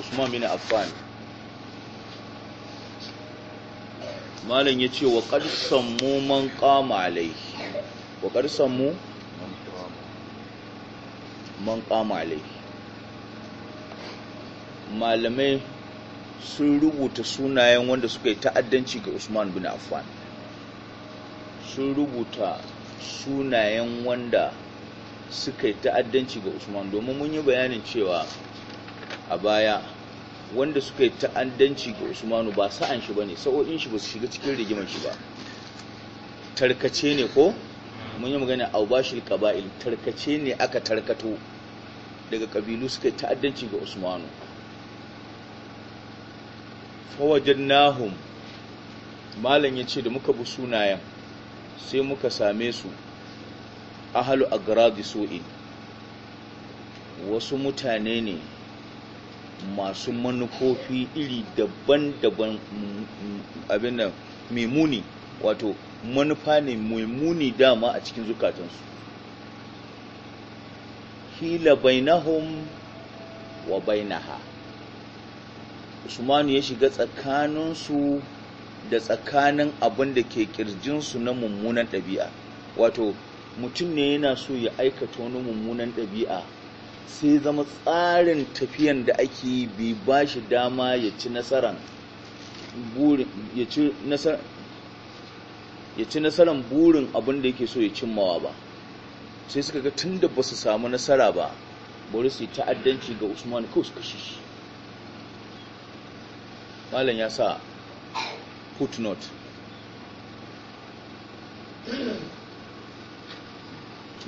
usman bin affan malam ya ce wa ƙarsan mu man qama alai wa ƙarsan mu man qama alai malamai sun rubuta sunayen wanda suka yi ta'addanci ga usman bin affan sun rubuta sunayen wanda suka yi ta'addanci ga usman domin mun yi bayanin cewa a baya wanda suka yi ta'addanci ga usmanu ba sa'an shi ba ne sa'o'in shi ba su shiga cikin rigiman shi ba tarkace ne ko mun yi magana a bashir kaba'il tarkace ne aka tarkato daga kabilu suka yi ta'addanci ga usmanu fawajen nahum malam ya ce da muka bi sunayen sai muka same su ahalu agradi so'in wasu mutane ne masu manufofi iri daban-daban abin da mai muni wato manufa ne mai muni dama a cikin zukatansu hila bainahum wa bainaha usmanu ya shiga tsakaninsu da tsakanin abin da ke kirjinsu na mummunan ɗabi'a wato mutum ne yana so ya aikata wani mummunan ɗabi'a sai zama tsarin tafiyan da ake yi bai ba shi dama ya ci nasaran burin ya ci ya ci nasaran burin abin yake so ya cimmawa ba sai suka ga tun da ba su samu nasara ba bari su yi ta'addanci ga usman kawai su kashe shi malam ya sa footnote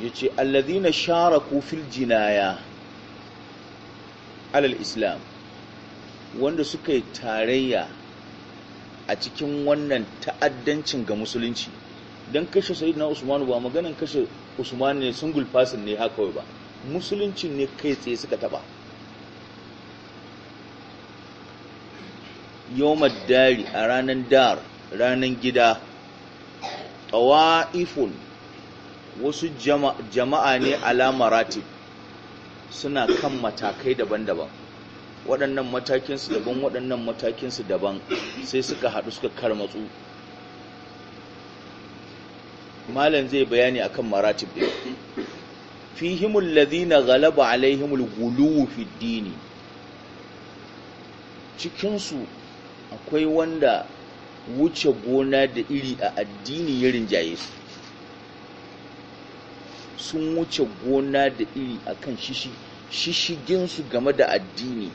ya ce allazina shara fil jinaya alal islam wanda suka yi tarayya a cikin wannan ta'addancin ga musulunci don kashe na usmanu ba maganan kashe usmanu ne sungul fasin ne haka ba musulunci ne kai tsaye suka taba yawmar dari a ranar dar ranar gida tawa'ifun wasu jama'a ne alamarati suna kan matakai daban-daban waɗannan matakinsu daban waɗannan matakinsu daban sai suka haɗu suka karmatsu malam zai bayani akan maratib ɗin fihimul ladhina galaba alaihimul guluwu fi dini cikinsu akwai wanda wuce gona da iri a addini ya rinjaye su sun wuce gona da iri a kan shishiginsu game da addini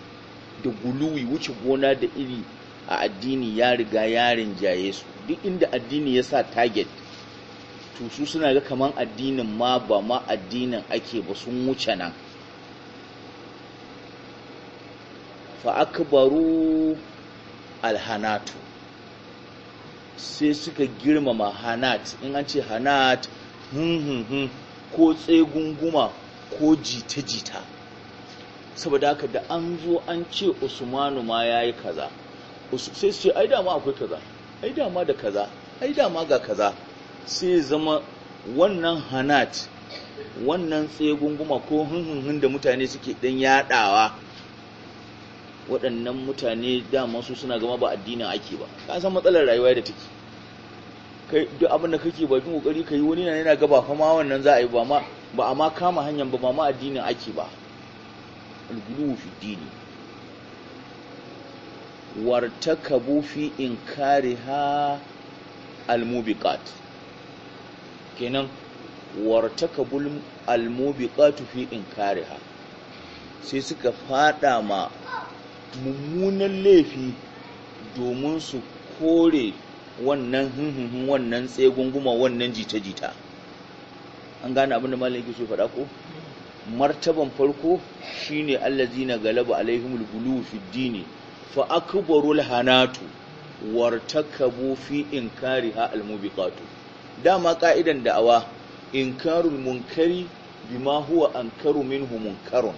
da guluwi wuce gona da iri a addini ya riga ya rinjaye su duk inda addini ya sa target to su suna ga kaman addinin ma ba ma addinin ake ba sun wuce nan fa alhanatu sai suka girmama hanat in an ce hanat hun hun hun ko tsegunguma ko jita-jita saboda haka da an zo an ce usmanu ma ya yi kaza sai su ai dama akwai kaza ai dama da kaza ai dama ga kaza sai zama wannan hanat wannan tsegunguma ko hin-hin-hin da mutane suke dan yaɗawa, waɗannan mutane dama su suna gama ba addinin ake ba ka san matsalar rayuwa da take kai duk abin da kake bakin kokari kai wani na yana gaba fa ma wannan za a yi ba ma ba a ma kama hanyar ba ba ma addinin ake ba al-gulu fi dini wartakabu fi inkariha al-mubiqat kenan wartakabul al-mubiqatu fi inkariha sai suka fada ma mummunan laifi domin su kore wannan hunhunhun wannan tsegunguma wannan jita-jita an gane abin da malam yake so faɗa ko martaban farko shine Zina galaba alaihim gulu fi dini fa akbarul hanatu wartakabu fi inkariha almubiqatu dama ka'idan da'awa inkarul munkari bima huwa ankaru minhu munkarun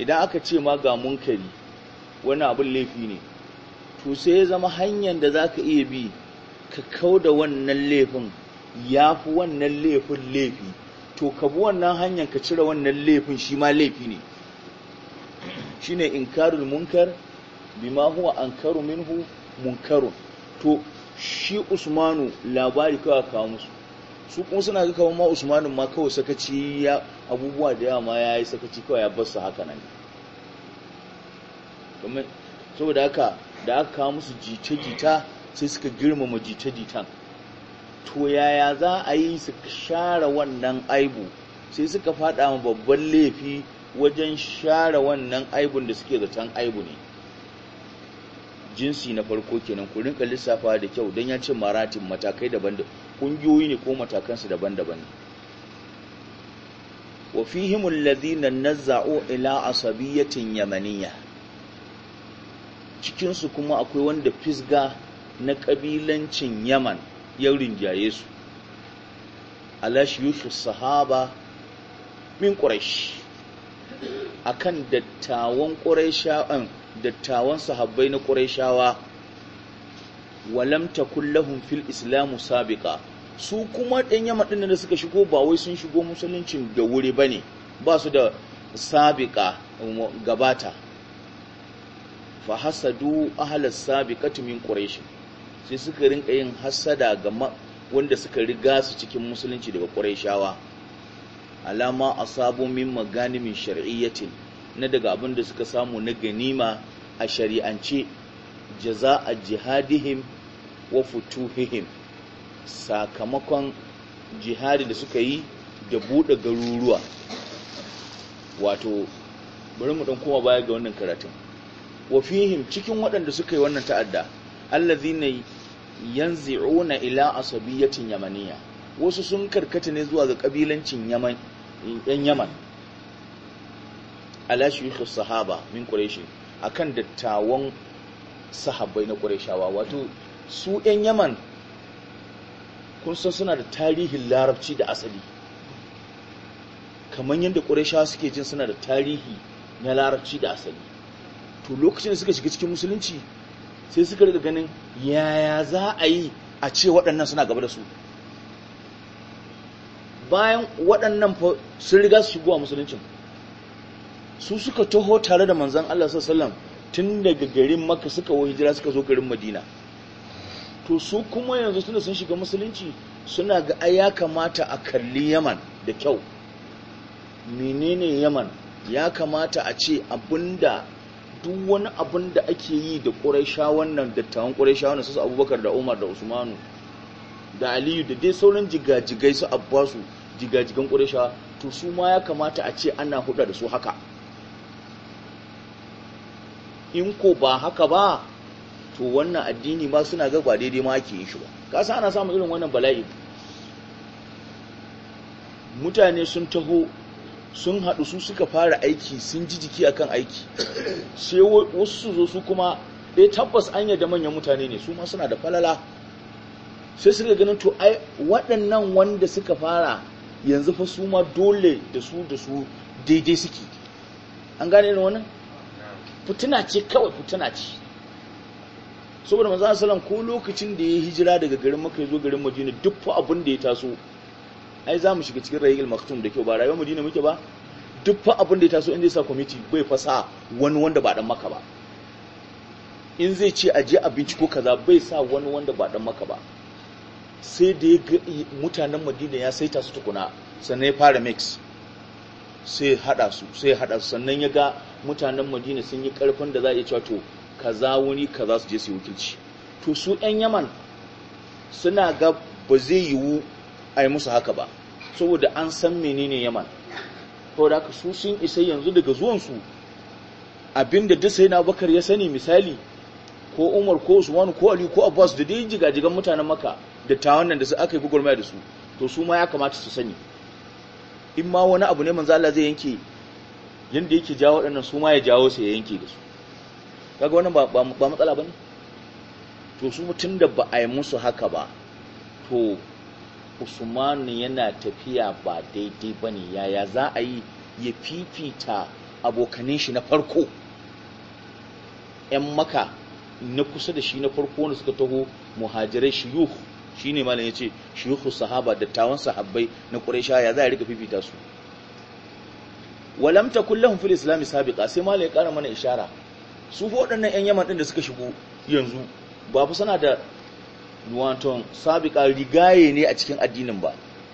idan aka ce ma ga munkari wani abin laifi ne to sai ya zama hanyar da za ka iya bi ka kau da wannan laifin ya fi wannan laifin laifi to ka bi wannan hanyar ka cire wannan laifin shi ma laifi ne shi ne inkarul munkar bima huwa ankaru minhu munkaru to shi usmanu labari kawai kawo musu su kuma suna ga kawo ma usmanu ma kawai sakaci ya abubuwa da yawa ma ya yi sakaci kawai ya basu haka nan saboda haka da aka kawo musu jita-jita sai suka girmama jita-jitan to yaya za a yi su share wannan aibu sai suka fada ma babban laifi wajen share wannan aibun da suke zaton aibu ne jinsi na farko kenan ku rinka lissafa da kyau don ya ce maratin matakai daban da ƙungiyoyi ne ko matakansu daban-daban wa fihimul ladhina nazza'u ila asabiyatin yamaniyya cikinsu kuma akwai wanda fisga na ƙabilancin yaman ya rinjaye su yusuf sahaba min ƙurashi a kan dattawan ƙurashawan dattawan sahabbai na ƙurashawa walamta kullahun fil islamu sabiƙa su kuma ɗan yamma ɗin da suka shigo ba wai sun shigo musuluncin da wuri ba ne ba su da sabiƙa gabata fa hasadu ahlas sabiqati min quraish sai suka rinka yin hasada ga wanda suka riga su cikin musulunci daga quraishawa alama asabu min maganimin shar'iyyatin na daga abin da suka samu na ganima a shari'ance jaza'a jihadihim wa futuhihim sakamakon jihadi da suka yi da buɗe garuruwa wato bari mu ɗan koma baya ga wannan karatun wa fihim cikin waɗanda suka yi wannan ta'adda allazina yanzi'una ila asabiyatin yamaniya wasu sun karkata ne zuwa ga kabilancin yaman yan yaman ala shuyukh sahaba min quraish akan dattawan sahabbai na quraishawa wato su yan yaman kun san suna da tarihin larabci da asali kamar yadda quraishawa suke jin suna da tarihi na larabci da asali to lokacin da suka shiga cikin musulunci sai suka riga ganin yaya za a yi a ce waɗannan suna gaba da su bayan waɗannan sun riga su shigowa musuluncin su suka taho tare da manzan Allah sallam tun daga garin maka suka wo hijira suka zo garin madina to su kuma yanzu suna sun shiga musulunci suna ga ai ya kamata a kalli yaman da kyau menene yaman ya kamata a ce abinda duk wani abin da ake yi da ƙuraisha wannan dattawan ƙuraisha wannan su abubakar da umar da usmanu da aliyu da dai sauran jigajigai su abbasu jigajigan ƙuraisha to su ma ya kamata a ce ana huda da su haka in ko ba haka ba to wannan addini ma suna ga ba daidai ma ake yi shi ba kasa ana samun irin wannan bala'i mutane sun taho sun haɗu su suka fara aiki sun ji jiki akan aiki sai wasu su zo su kuma ɗaya eh tabbas an yadda manyan mutane ne su ma suna da falala sai suka ganin to ai waɗannan wanda suka fara yanzu fa su ma dole da su da su daidai suke an gane irin wannan Fitina ce kawai fitina ce saboda manzo Salam ko lokacin da ya hijira daga garin Makka ya zo garin Madina duk fa abin da ya taso ai za mu shiga cikin rayuwar maktum da kyau ba rayuwar Madina muke ba duk fa abin da ya taso in zai sa kwamiti bai fasa wani wanda ba dan maka ba in zai ce a je abinci ko kaza bai sa wani wanda ba dan maka ba sai da ya ga mutanen madina ya saita su tukuna sannan ya fara mix sai ya hada su sai hada su sannan ya ga mutanen madina sun yi karfin da za a iya cewa to kaza wani kaza su je su yi wakilci to su yan yaman suna ga ba zai yiwu a yi musu haka ba saboda an san menene yaman saboda haka su sun isa yanzu daga zuwansu abinda da sai na bakar ya sani misali ko umar ko usman ko ali ko abbas da dai jigajigan mutanen maka da tawon nan da su aka yi gugurmaya da su to su ma ya kamata su sani in ma wani abu ne manzo Allah zai yanke yanda yake jawo waɗannan su ma ya jawo sai ya yanke da su kaga wannan ba ba matsala bane to su mutun da ba a yi musu haka ba to usmanu yana tafiya ba daidai ba ne yaya za a yi ya fifita abokanin shi na farko 'yan maka na kusa da shi na farko wanda suka taho muhajirai shiyuhu shi ne malam ya ce shiyuhu sahaba dattawan sahabbai na ƙuraisha ya za a riga fifita su walamta kullum fili fil islam sabiqa sai malam ya ƙara mana ishara su waɗannan 'yan yaman ɗin da suka shigo yanzu ba fi suna da nuwanton sabiƙa rigaye ne a cikin addinin ba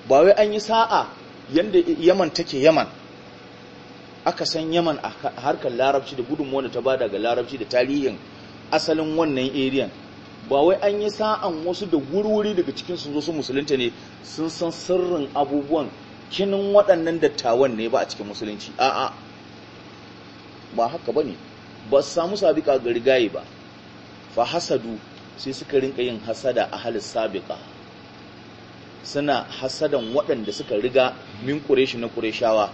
ba wai an yi sa'a yadda yaman take yaman aka san yaman a harkar larabci da gudunmuwa da ta ba daga larabci da tarihin asalin wannan eriyan ba wai an yi sa'an wasu da wuri daga cikin sun zo su musulunta ne sun san sirrin abubuwan kinin waɗannan dattawan ne ba a cikin musulunci a'a ba haka ba ne ba su samu sabiƙa ga rigaye ba fa hasadu sai suka rinka yin hasada a halin sabika suna hasadan waɗanda suka riga min ƙureshi na ƙureshawa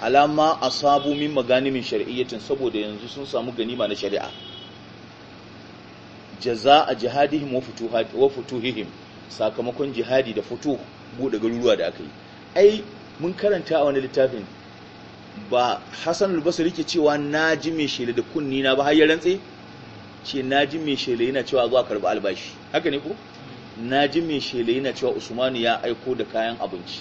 alama a sabu min maganimin shari'iyyacin saboda yanzu sun samu ganima na shari'a jaza a jihadihim wa futuhihim sakamakon jihadi da fito buɗe garuruwa da aka yi ai mun karanta a wani littafin ba hassan basu rike cewa na ji mai shela da kunni na ba har ya rantse ce na ji mai shele yana cewa zuwa karbi albashi haka ne ko na ji mai shele yana cewa usmanu ya aiko da kayan abinci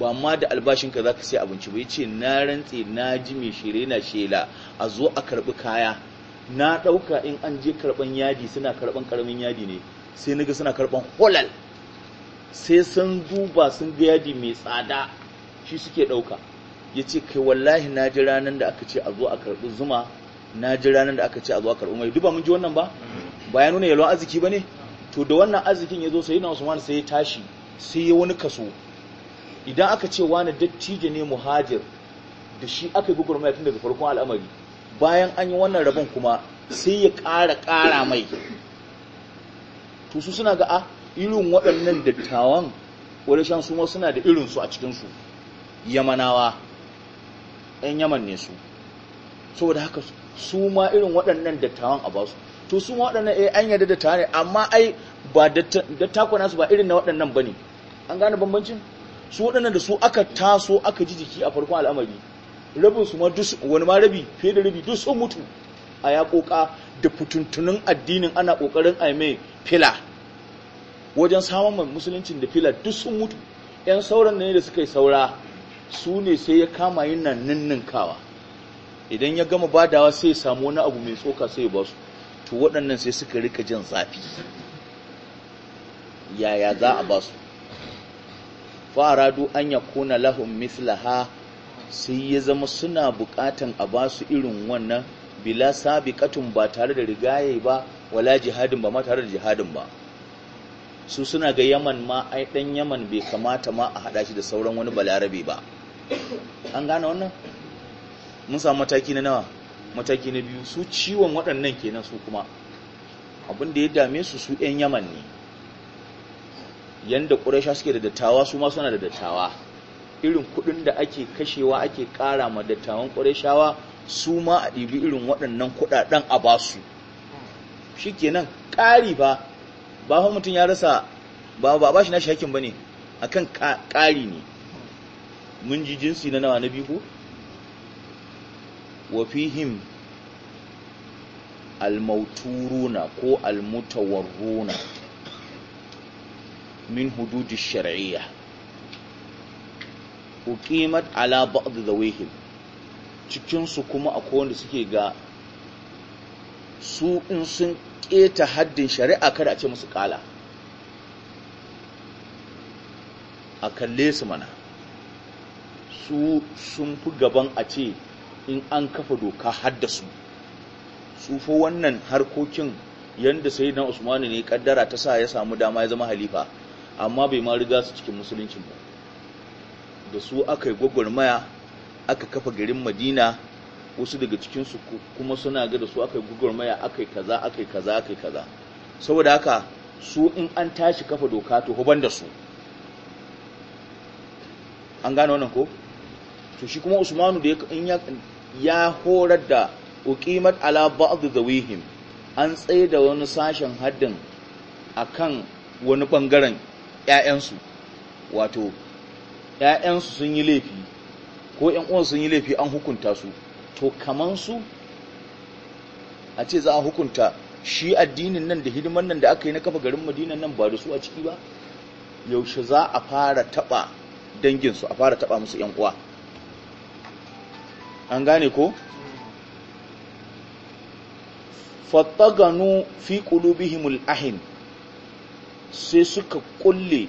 ba ma da albashinka za ka sai abinci ba ya ce na rantse na ji mai shele yana shela a zo a karbi kaya na ɗauka in an je karban yadi suna karban karamin yadi ne sai naga suna karban holal sai sun duba sun ga yadi mai tsada shi suke ɗauka ya ce kai wallahi na ji ranar da aka ce a zo a karbi zuma na ji ranar da aka ce a zuwa karɓi mai duba mun ji wannan ba ba ya nuna yalwa arziki ba ne to da wannan arzikin ya zo sai na usman sai ya tashi sai ya wani kaso idan aka ce wani dattijo ne muhajir da shi aka yi gugurmaya tun daga farkon al'amari bayan an yi wannan rabon kuma sai ya ƙara ƙara mai to su suna ga a ah, irin waɗannan dattawan shan suma suna da irinsu a cikinsu yamanawa 'yan yaman ne su saboda haka su ma irin waɗannan dattawan a basu to su ma waɗannan eh an yarda dattawa ne amma ai ba dattakwa nasu ba irin na waɗannan bane an gane bambancin su waɗannan da su aka taso aka ji jiki a farkon al'amari rabin su ma duk wani ma rabi fiye da rabi duk sun mutu a ya da fituntunin addinin ana ƙoƙarin a mai fila wajen samun musuluncin da fila duk sun mutu yan sauran ne da suka yi saura su ne sai ya kama yin nan ninninkawa idan ya gama badawa sai samu wani abu mai tsoka sai ba basu to waɗannan sai suka rika jin zafi yaya za a basu faradu an ya kuna lahun mislaha sai ya zama suna buƙatan a basu irin wannan bila sabiqatun ba tare da rigaye ba wala jihadin ba ma tare da jihadin ba su suna ga yaman ma ai dan yaman bai kamata ma a hada shi da sauran wani balarabe ba an gane wannan mun samu mataki na nawa mataki na biyu su ciwon waɗannan kenan su kuma abin da ya dame su su 'yan yaman ne yanda ƙuraisha suke da dattawa su ma suna da dattawa irin kuɗin da ake kashewa ake ƙara ma dattawan ƙuraishawa su ma a ɗibi irin waɗannan kuɗaɗen a ba su shi kenan ƙari ba ba fa mutum ya rasa ba ba ba shi na shi hakin ba ne akan ƙari ne mun ji jinsi na nawa na biyu ko wa fihim almauturuna ko almutawarruna min shari'a. shar'iyya uqimat ala ba'd dawihim cikin cikinsu kuma a wanda suke ga su in sun keta haddin shari'a kada a ce musu kala a kalle su mana su sun fi gaban a ce in an kafa doka haddasu su wannan harkokin yadda sai na usmani ne kaddara ta sa ya samu dama ya zama halifa amma bai ma riga su cikin musuluncin ba da su aka yi gwagwarmaya aka kafa garin madina wasu daga cikinsu kuma suna ga da su aka yi gwagwarmaya aka yi kaza aka yi kaza aka yi kaza saboda haka su in an tashi kafa doka to huban da su an gane wannan ko to shi kuma usmanu da ya ya horar da uƙimat ala ba'd zawihim an tsaye da wani sashen haddin akan wani bangaren 'ya'yansu, wato 'ya'yansu sun yi laifi ko ƴan uwan sun yi laifi an hukunta su to kaman su a ce za a hukunta shi addinin nan da hidiman nan da aka yi na kafa garin madinan nan ba da su a ciki ba yaushe za a fara taba danginsu a fara taɓa musu yan uwa an gane ko fattaganu fi qulubihimul ahin sai suka kulle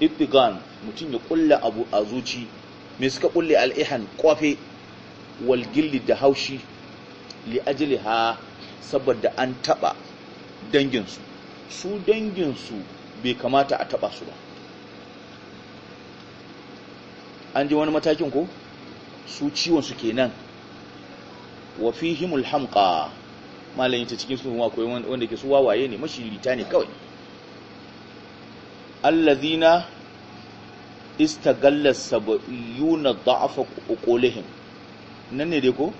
ittigan mutum ya kulle abu a zuci mai suka ƙulle al'ihan kwafe walgilli da haushi li ha saboda an taɓa danginsu su danginsu bai kamata a taɓa su ba an ji wani matakin ko su ciwon su kenan wa fihimul hamqa malan yace cikin su kuma akwai wanda ke su wawaye ne mashirita ne kawai allazina istagalla sab'iyuna da'afa qulihim nan ne dai ko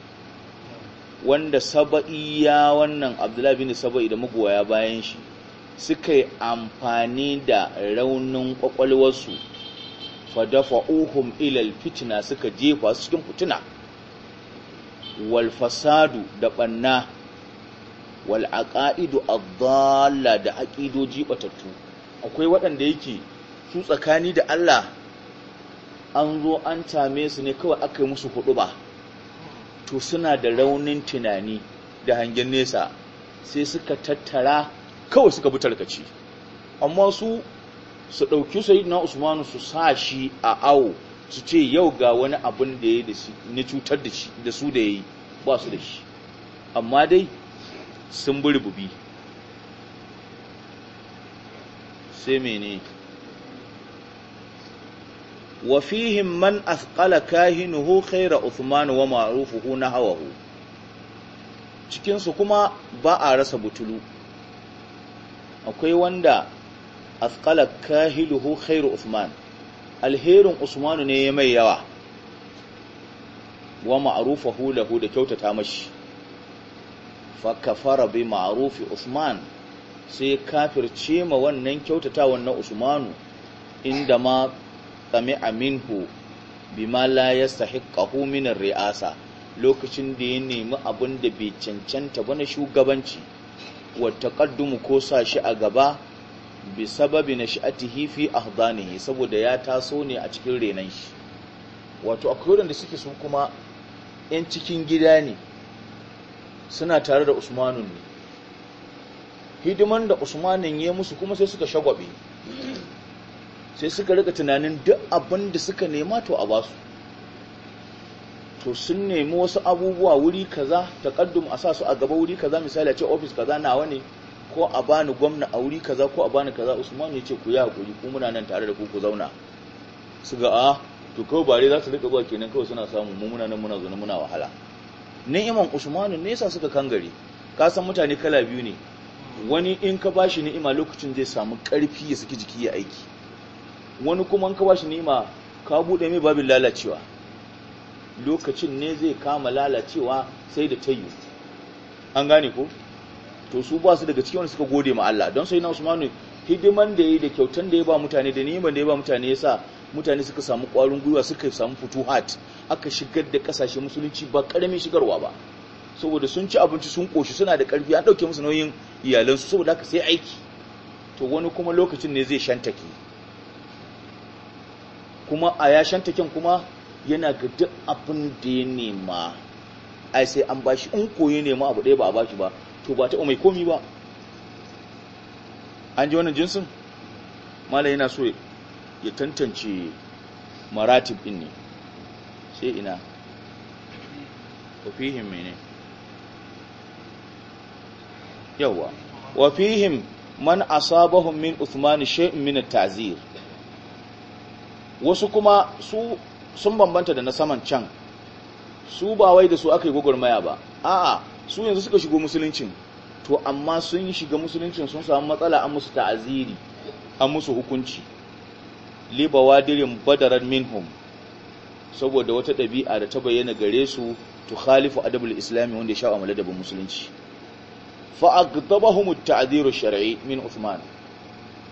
wanda sab'iya wannan abdullahi bin saba'i da magoya bayan shi suka yi amfani da raunin kwakwalwarsu fadafa'uhum ilal fitina suka jefa su cikin fituna wal fasadu da banna wal aqaidu adalla da aqidoji batattu akwai waɗanda yake su tsakani da Allah an zo an tame su ne kawai aka yi musu hudu ba to suna da raunin tunani da hangen nesa sai suka tattara kawai suka bi tarkaci amma su su ɗauki na usmanu su sa shi a awo su ce yau ga wani abin da ya yi cutar da su da ya yi ba su da shi amma dai sun buri bubi sai mene wa man kahi kahinuhu khaira usmanu wa ma'rufuhu hawa hu. Cikinsu kuma ba a rasa butulu akwai wanda afqala kahiluhu khairu usman alherin usmanu ne ya mai yawa wa ma'rufahu lahu da kyautata mashi fa kafara bi ma'rufi usman sai kafirce ma wannan kyautatawan na usmanu inda ma sami'a minhu bima la yastahiqqahu min ar-ri'asa lokacin da ya nemi abin da bai cancanta ba na shugabanci wata taqaddumu ko sa shi a gaba bi sababi shi fi ahdanihi saboda ya taso ne a cikin renan shi wato akwai da suke su kuma yan cikin gida ne suna tare da Usmanun ne hidiman da usmanin ya musu kuma sai suka shagwabe sai suka rika tunanin duk abin da suka nema to a basu to sun nemi wasu abubuwa wuri kaza takaddum a sa su a gaba wuri kaza misali a ce ofis kaza nawa ne ko a bani gwamna a wuri kaza ko a bani kaza usman ya ce ku yi hakuri ku muna nan tare da ku ku zauna su ga a ah, to kawai bare za su rika zuwa kenan kawai suna samu mu muna nan muna zaune muna wahala ni'iman usmanu nesa suka kangare ka san mutane kala biyu ne wani in ka bashi ni'ima lokacin zai samu karfi ya saki jiki ya aiki wani kuma in ka bashi ni'ima ka bude mai babin lalacewa lokacin ne zai kama lalacewa sai da tayu an gane ko to su ba su daga cikin wanda suka gode ma Allah don sai na Usmanu hidiman da yayi da kyautan da ya ba mutane da niman da ya ba mutane yasa mutane suka samu kwarin gwiwa suka samu futuhat aka shigar da kasashe musulunci ba karamin shigarwa ba saboda sun ci abinci sun koshi suna da karfi an ɗauke musu nauyin su saboda haka sai aiki to wani kuma lokacin ne zai shantake kuma a ya shantaken kuma yana ga duk abin da ya nema ai sai an bashi in koyi nema abu ɗaya ba a bashi ba to ba ta mai komi ba an ji wannan jinsin mala yana so ya tantance maratib din ne sai ina wafihim mene yawa wafihim man asabahum min uthman shay'un min at-ta'zir wasu kuma su sun bambanta da na saman can su ba wai da su aka yi gwagwarmaya ba a'a su yanzu suka shigo musuluncin to amma sun shiga musuluncin sun samu matsala an musu ta'aziri an musu hukunci libawadirin badarar minhum saboda wata ɗabi'a da ta bayyana gare su tu khalifu adabul islami wanda ya sha'a maladabin musulunci fa aghdabahum at ta'aziru shar'i min Uthman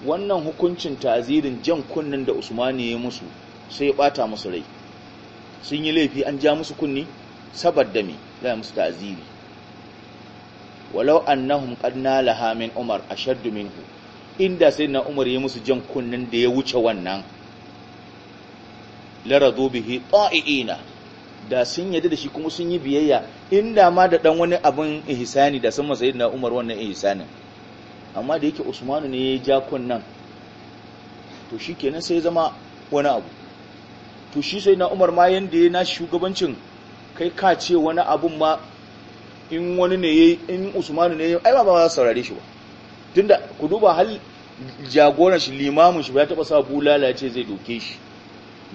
wannan hukuncin ta'zirin jan kunnen da Usman ya musu sai ya bata musu rai sun yi laifi an ja musu kunni sabar da me za musu ta'aziri. walau annahum qad nalaha min umar ashaddu minhu inda sai na umar ya musu jan kunnan da ya wuce wannan radu bihi ta'iina da sun yadda da shi kuma sun yi biyayya inda ma da dan wani abin ihsani da sun masa sayyidina umar wannan ihsanin amma da yake usmanu ne ya ja kunnan to shikenan sai zama wani abu to shi sai na umar ma yanda ya na shugabancin kai ka ce wani abun ma in wani ne ya yi in usmanu ne ya ai ba ba za su saurare shi ba tunda ku duba hal jagoran shi limamin shi ba ya taba sa bulala ce zai doke shi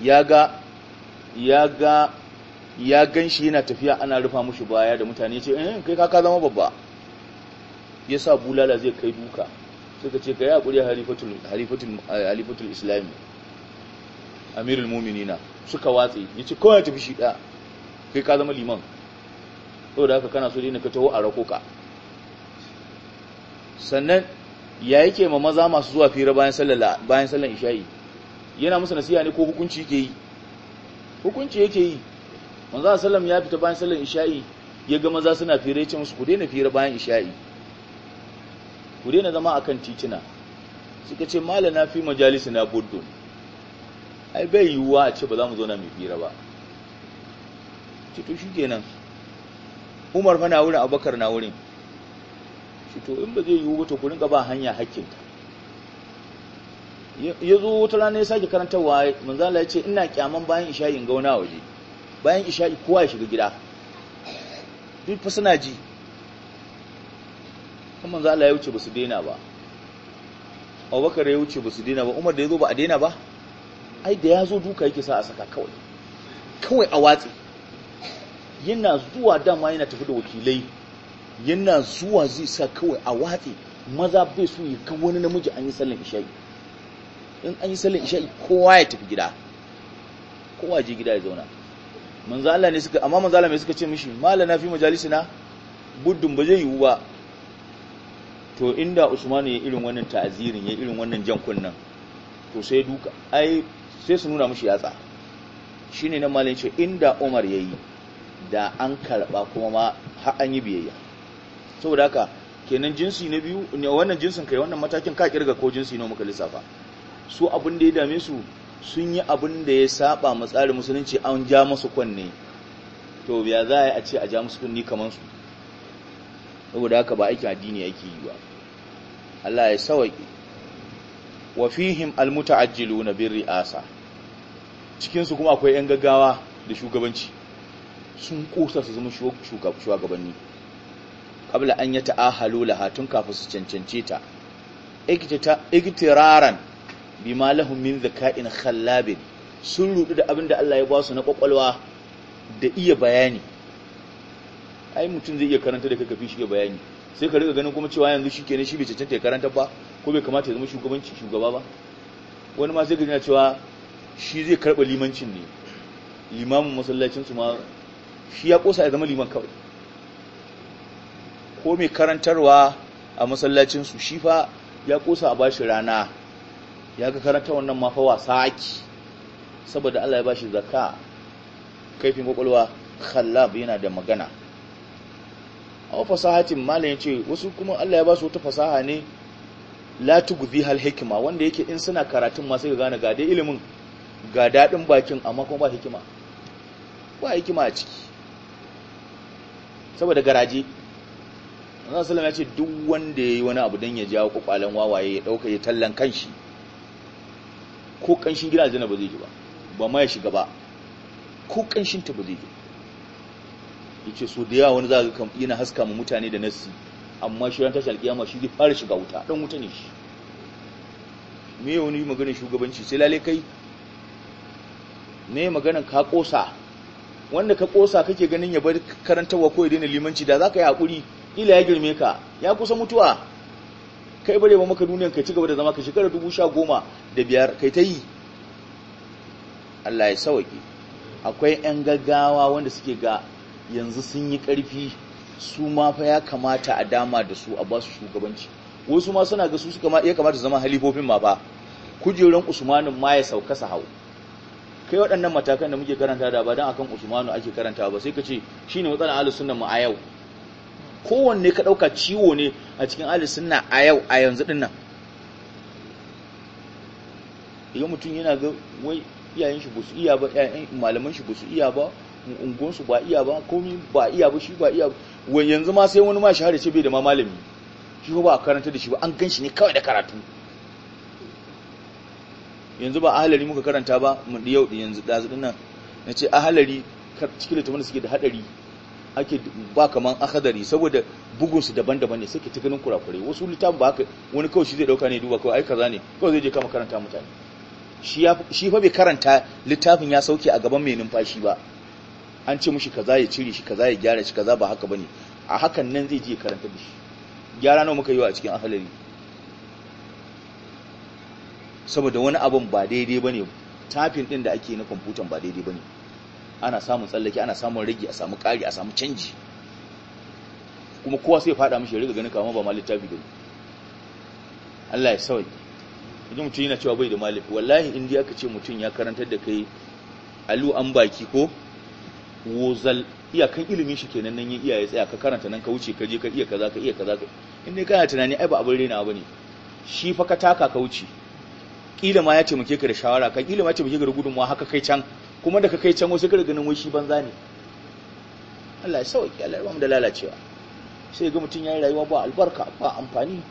ya ga ya ga ya gan shi yana tafiya ana rufa mushi baya da mutane ce eh kai ka zama babba ya sa bulala zai kai duka suka ce ka yi haƙuri halifatul islami amirul muminina suka watsi ya ce kawai tafi shi ɗaya kai ka zama liman da haka kana so dina ka taho a rako sannan ya yake ma maza masu zuwa fira bayan sallar bayan isha'i yana musu nasiha ne ko hukunci yake yi hukunci yake yi manzo sallam ya fita bayan sallar isha'i ya ga maza suna fira yace musu ku daina fira bayan isha'i ku daina zama akan titina suka ce malana fi majalisina buddun ai bai yiwuwa a ce ba za mu zo na mai fira ba ce to kenan umar fa na wurin abubakar na wurin shi to in ba zai yiwu to ku rinka ba hanya ka. ya zo wata rana ya sake karantarwa manzala ya ce ina kyaman bayan isha'i in gauna waje bayan isha'i kowa ya shiga gida duk fa suna ji kuma manzala ya wuce ba su daina ba abubakar ya wuce ba su daina ba umar da ya zo ba a daina ba ai da ya zo duka yake sa a saka kawai kawai a watsi yana zuwa dama yana tafi da wakilai yana zuwa zai sa kawai a watsi maza bai so yi kan wani namiji an yi sallin isha'i in an yi sallin isha'i kowa ya tafi gida kowa ya je gida ya zauna manzo Allah ne suka amma manzo Allah mai suka ce mishi malana fi majalisina buddun ba zai yiwu ba to inda Usman ya irin wannan ta'azirin ya irin wannan jan kunnan to sai duka ai sai su nuna mishi yatsa shine nan malin ce inda Umar yayi da an karɓa kuma ma har an yi biyayya saboda haka kenan jinsi na biyu wannan jinsin kai wannan matakin ka kirga ko jinsi na muka lissafa su abin da ya dame su sun yi abin da ya saba mu tsari musulunci an ja musu kunne to ya za a ce a ja musu kunni kamar su saboda haka ba aikin addini yake yi ba Allah ya sawaƙe wa fihim almutaajjiluna birri'asa cikin su kuma akwai yan gaggawa da shugabanci sun kosa su zama shugabanni kabla an yi ta'ahalu laha tun kafin su cancance ta igtiraran bi ma lahum min zaka'in khallabin sun rudu da abin da Allah ya ba su na kwakwalwa da iya bayani ai mutum zai iya karanta da kaka fi shiga bayani sai ka riga ganin kuma cewa yanzu shi kenan shi bai cancanta ya karanta ba ko bai kamata ya zama shugabanci shugaba ba wani ma sai ka cewa shi zai karɓa limancin ne limamin masallacinsu ma shi ya kosa ya zama liman kawai ko mai karantarwa a masallacinsu shi fa ya kosa a bashi rana ya ga karanta wannan mafa wasa ake saboda Allah ya bashi zaka kaifin kwakwalwa khalab yana da magana aw fasahatin malam ce wasu kuma Allah ya ba su wata fasaha ne latugu tugzi hikima, wanda yake in suna karatun masu sai gane ga ilimin ga daɗin bakin amma kuma ba hikima ba hikima a ciki saboda garaje Allah sallama ya ce duk wanda ya yi wani abu don ya jawo kwakwalen wawaye ya dauka ya tallan kanshi ko kanshin gina zina ba zai ji ba ba ma ya shiga ba ko kanshin ta ba zai ji ce so da yawa wani zaga kan yana haska mu mutane da nassi amma shi ran tashar kiyama shi zai fara shiga wuta don wuta ne shi me wani maganin shugabanci sai lalle kai me maganin ka kosa wanda ka kosa kake ganin ya bar karantarwa ko ya daina limanci da zaka yi hakuri ila ya girme ka ya kusa mutuwa kai bare ba maka duniyan kai cigaba da zama ka shekara dubu sha goma da biyar kai ta yi Allah ya sauke akwai 'yan gaggawa wanda suke ga yanzu sun yi ƙarfi su ma fa ya kamata a dama da su a ba su shugabanci wasu ma suna ga su ya kamata zama halifofin ma ba Kujerun usmanin ma ya sauka hau kai waɗannan matakan da muke karanta da ba don akan Usmanu ake karanta ba sai ka ce ne matsalar ahlus sunna mu a yau kowanne ka ɗauka ciwo ne a cikin ahlus sunna a yau a yanzu ɗin nan idan mutum yana ga wai iyayen shi busu iya ba iyayen malaman shi busu iya ba ungon su ba iya ba komi ba iya ba shi ba iya ba wai yanzu ma sai wani ma shahara ce bai da ma malami shi ba a karanta da shi ba an gan shi ne kawai da karatu yanzu ba ahalari muka karanta ba mu yau yanzu da zudin nan ce ahalari cikin littafin da suke da hadari ake ba kaman akhadari saboda bugun su daban-daban ne suke ta ganin kurakurai wasu littafin ba haka wani kawai shi zai dauka ne duba kawai ai kaza ne kawai zai je kama karanta mutane shi fa bai karanta littafin ya sauke a gaban mai numfashi ba an ce mushi kaza ya cire shi kaza ya gyara shi kaza ba haka bane a hakan nan zai je karanta da shi gyara nawa muka yi wa a cikin ahalari saboda wani abun ba daidai ba ne tafin ɗin da ake na kwamfutan ba daidai ba ne ana samun tsallake ana samun rage a samu ƙari a samu canji kuma kowa sai faɗa mashi riga ganin kama ba malin tafi gani Allah ya sauki idan mutum yana cewa bai da malin wallahi in aka ce mutum ya karantar da kai alu an baki ko wozal iyakan ilimin shi kenan nan yin iyaye tsaya ka karanta nan ka wuce ka je ka iya kaza ka iya kaza in dai kana tunani ai ba abin rena ne. shi fa ka taka ka wuce kila ma ya taimake ka da shawara kan kila ma ya taimake ka da gudunmuwa haka kai can kuma da ka kai can wasu ka ganin wai shi banza ne Allah ya sauki Allah ya mu da lalacewa sai ga mutum yayin rayuwa ba albarka ba amfani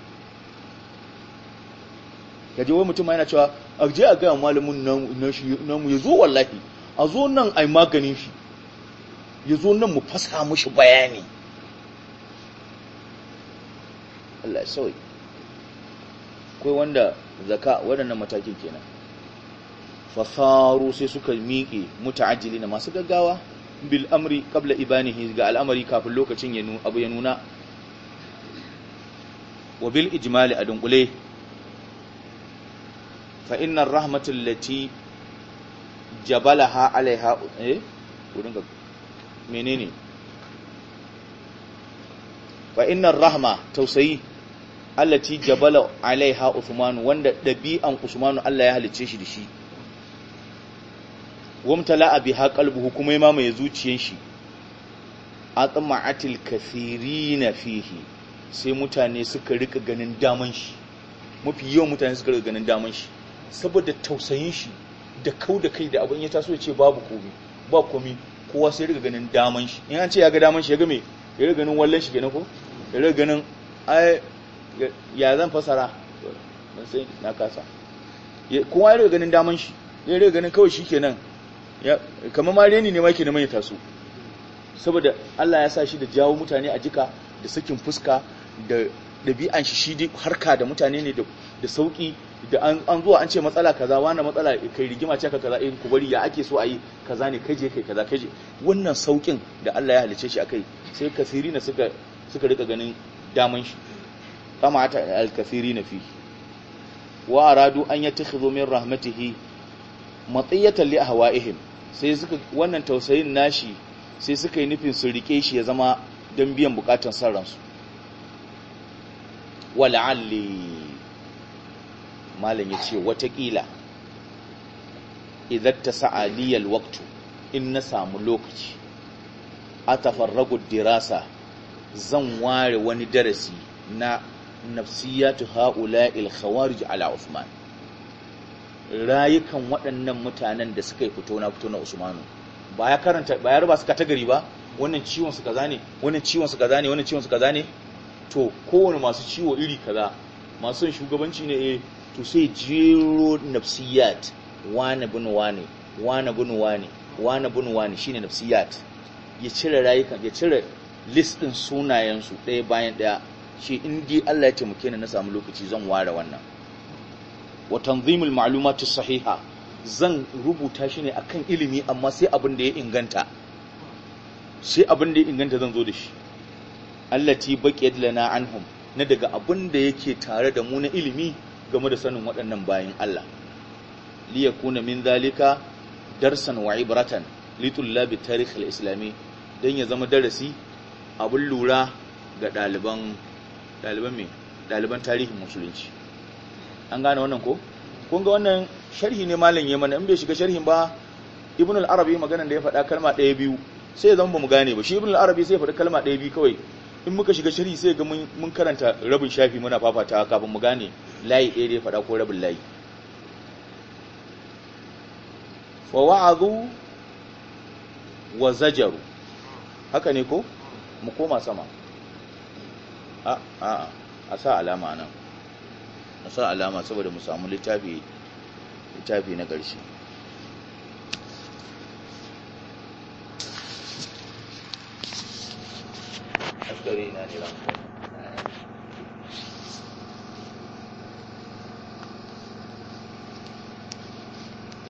ji wai mutum yana cewa a je a ga malamin nan nan mu yazo wallahi a zo nan ai maganin shi yazo nan mu fasa mushi bayani Allah ya sauki akwai wanda zaka waɗannan matakin kenan fasaru sai suka miƙe muta'ajjilina masu gaggawa bil amri qabla ibanihi ga al'amari kafin lokacin ya abu ya nuna wa bil ijmali a dunkule fa inna rahmatul lati jabalaha alaiha eh wurin ga menene fa inna rahma tausayi allati jabala alaiha usmanu wanda dabi'an usmanu Allah ya halice shi da shi wamtala abi ha qalbuhu kuma ya mai zuciyar shi atma'atil kathirina fihi sai mutane suka rika ganin daman shi mafi yawan mutane suka rika ganin daman shi saboda tausayin shi da kau da kai da abin ya taso ya ce babu komai ba komai kowa sai rika ganin daman shi in an ce ya ga daman shi ya ga me ya rika ganin wallan shi kenan ko ya rika ganin ai ya zan fasara ban sai na kasa kuma ya ganin daman shi ya ganin kawai shi kenan kamar ma reni ne ma ke neman ya taso saboda Allah ya sa shi da jawo mutane a jika da sakin fuska da ɗabi'an shi shi harka da mutane ne da sauki da an zuwa an ce matsala kaza wani matsala kai rigima ce ka kaza in eh, ku bari ya ake so a yi kaza ne kai kai kaza kaje wannan saukin da Allah ya halice shi akai sai kasiri na suka suka rika ganin daman shi kama ta alkafiri na fi wa aradu an ya tukhizu min rahmatihi matsiyatan li ahwa'ihim sai suka wannan tausayin nashi sai suka yi nufin su rike shi ya zama don biyan bukatun san ransu wal'alli malam yace watakila idan ta sa'aliyal in na samu lokaci a tafarragu dirasa zan ware wani darasi na nafsiyatu ha'ula'il khawarij ala Usman rayukan waɗannan mutanen da suka yi fito na fito na Usmanu ba ya karanta ba ya ruba suka gari ba wannan ciwon su kaza ne wannan ciwon su kaza ne wannan ciwon su kaza ne to kowane masu ciwo iri kaza masu son shugabanci ne eh to sai jero nafsiyat wane bin wane wani bin wane wani bin wani shine nafsiyat ya cire rayukan ya cire list din sunayen su ɗaya bayan ɗaya shi in Allah ya taimake ni na samu lokaci zan ware wannan wa tanzimul ma'lumati sahiha zan rubuta shi ne akan ilimi amma sai abin da ya inganta sai abin da ya inganta zan zo da shi allati baqiyat lana anhum na daga abin da yake tare da mu na ilimi game da sanin waɗannan bayan Allah li yakuna min zalika darsan wa ibratan li tullabi tarikh al-islami dan ya zama darasi abin lura ga ɗaliban ɗaliban me ɗaliban tarihin musulunci an gane wannan ko kun ga wannan sharhi ne malam ya mana in bai shiga sharhin ba ibn al-arabi magana da ya faɗa kalma ɗaya biyu sai zan ba mu gane ba shi ibn al-arabi sai ya faɗi kalma ɗaya biyu kawai in muka shiga sharhi sai ga mun karanta rabin shafi muna fafata kafin mu gane layi ɗaya da ya faɗa ko rabin layi fa wa'azu wa zajaru haka ne ko mu koma sama a a sa alama nan a sa alama saboda mu samu littafi littafi na ƙarshe askari na ne ranko